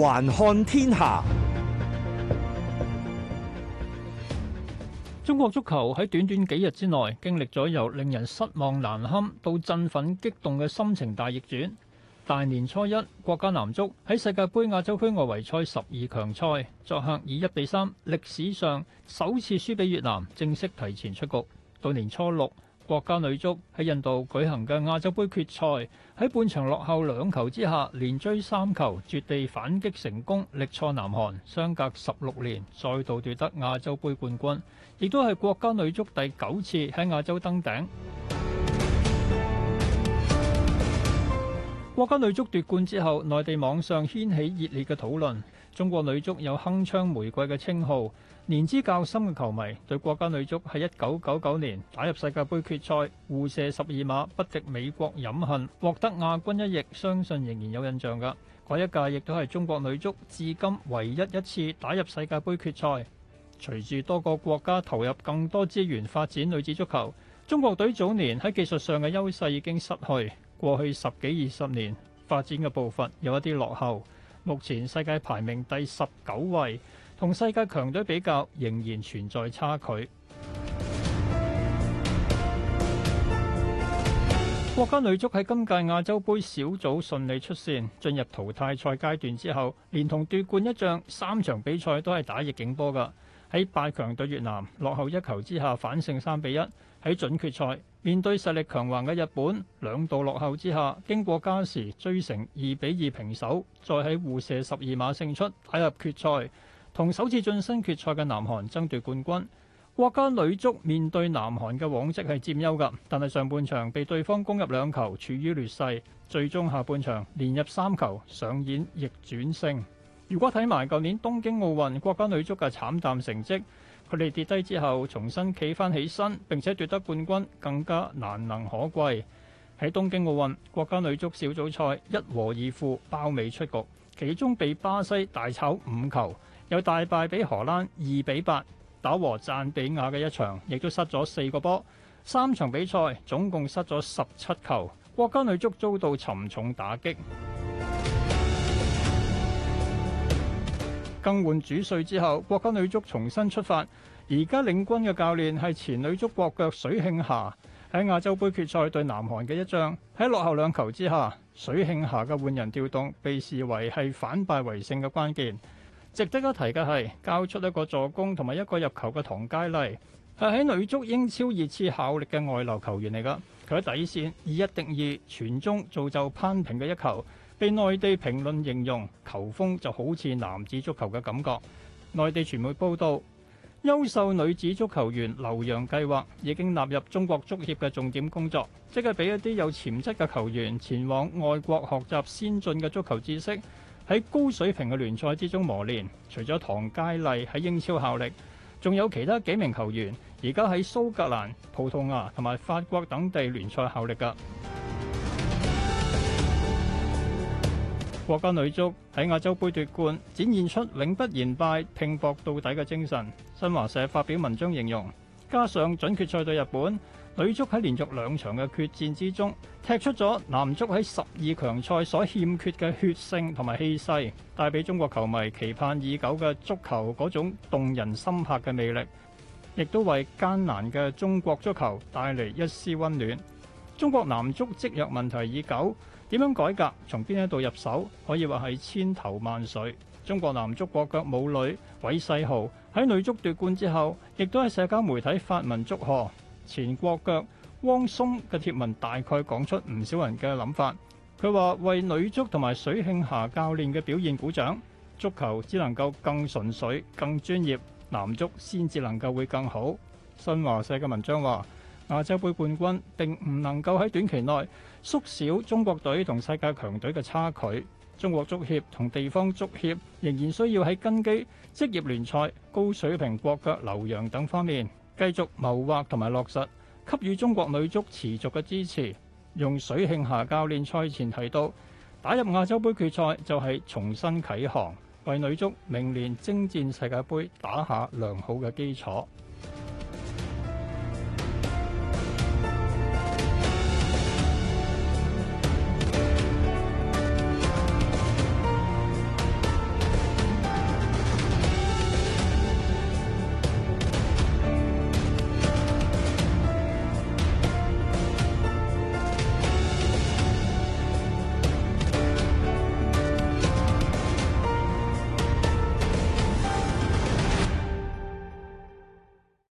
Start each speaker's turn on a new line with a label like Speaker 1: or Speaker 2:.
Speaker 1: 環看天下，中國足球喺短短幾日之內，經歷咗由令人失望難堪到振奮激動嘅心情大逆轉。大年初一，國家男足喺世界杯亞洲區外圍賽十二強賽作客以一比三，歷史上首次輸俾越南，正式提前出局。到年初六，國家女足喺印度舉行嘅亞洲盃決賽，喺半場落後兩球之下，連追三球，絕地反擊成功，力挫南韓，相隔十六年，再度奪得亞洲盃冠軍，亦都係國家女足第九次喺亞洲登頂。國家女足奪冠之後，內地網上掀起熱烈嘅討論。中國女足有鏗鏘玫瑰嘅稱號，年資較深嘅球迷對國家女足喺一九九九年打入世界杯決賽，互射十二碼，不敵美國飲恨，獲得亞軍一役，相信仍然有印象㗎。嗰一屆亦都係中國女足至今唯一一次打入世界杯決賽。隨住多個國家投入更多資源發展女子足球，中國隊早年喺技術上嘅優勢已經失去，過去十幾二十年發展嘅步伐有一啲落後。目前世界排名第十九位，同世界強隊比較仍然存在差距。國家女足喺今屆亞洲杯小組順利出線，進入淘汰賽階段之後，連同奪冠一仗，三場比賽都係打逆境波噶。喺八強對越南落後一球之下反勝三比一，喺準決賽面對實力強橫嘅日本兩度落後之下，經過加時追成二比二平手，再喺互射十二碼勝出，打入決賽，同首次晉身決賽嘅南韓爭奪冠軍。國家女足面對南韓嘅往績係佔優㗎，但係上半場被對方攻入兩球，處於劣勢，最終下半場連入三球上演逆轉勝。如果睇埋舊年東京奧運國家女足嘅慘淡成績，佢哋跌低之後重新企返起身，並且奪得冠軍更加難能可貴。喺東京奧運國家女足小組賽一和二負包尾出局，其中被巴西大炒五球，又大敗俾荷蘭二比八，打和讚比亞嘅一場亦都失咗四個波，三場比賽總共失咗十七球，國家女足遭到沉重打擊。更換主帥之後，國家女足重新出發。而家領軍嘅教練係前女足國腳水慶霞。喺亞洲盃決賽對南韓嘅一仗，喺落後兩球之下，水慶霞嘅換人調動被視為係反敗為勝嘅關鍵。值得一提嘅係交出一個助攻同埋一個入球嘅唐佳麗，係喺女足英超熱刺效力嘅外流球員嚟噶。佢喺底線以一敵二，傳中造就攀平嘅一球。被內地評論形容球風就好似男子足球嘅感覺。內地傳媒報道，優秀女子足球員留洋計劃已經納入中國足協嘅重點工作，即係俾一啲有潛質嘅球員前往外國學習先進嘅足球知識，喺高水平嘅聯賽之中磨練。除咗唐佳麗喺英超效力，仲有其他幾名球員而家喺蘇格蘭、葡萄牙同埋法國等地聯賽效力嘅。國家女足喺亞洲盃奪冠，展現出永不言敗、拼搏到底嘅精神。新華社發表文章形容，加上準決賽對日本女足喺連續兩場嘅決戰之中，踢出咗男足喺十二強賽所欠缺嘅血性同埋氣勢，帶俾中國球迷期盼已久嘅足球嗰種動人心魄嘅魅力，亦都為艱難嘅中國足球帶嚟一絲温暖。中國男足積弱問題已久。點樣改革？從邊一度入手？可以話係千頭萬緒。中國男足國腳武磊、韋世豪喺女足奪冠之後，亦都喺社交媒體發文祝賀。前國腳汪嵩嘅貼文大概講出唔少人嘅諗法。佢話為女足同埋水慶霞教練嘅表現鼓掌，足球只能夠更純粹、更專業，男足先至能夠會更好。新華社嘅文章話。亞洲盃冠軍並唔能夠喺短期內縮小中國隊同世界強隊嘅差距。中國足協同地方足協仍然需要喺根基、職業聯賽、高水平國腳留洋等方面繼續謀劃同埋落實，給予中國女足持續嘅支持。用水慶霞教練賽前提到，打入亞洲盃決賽就係重新啟航，為女足明年征戰世界盃打下良好嘅基礎。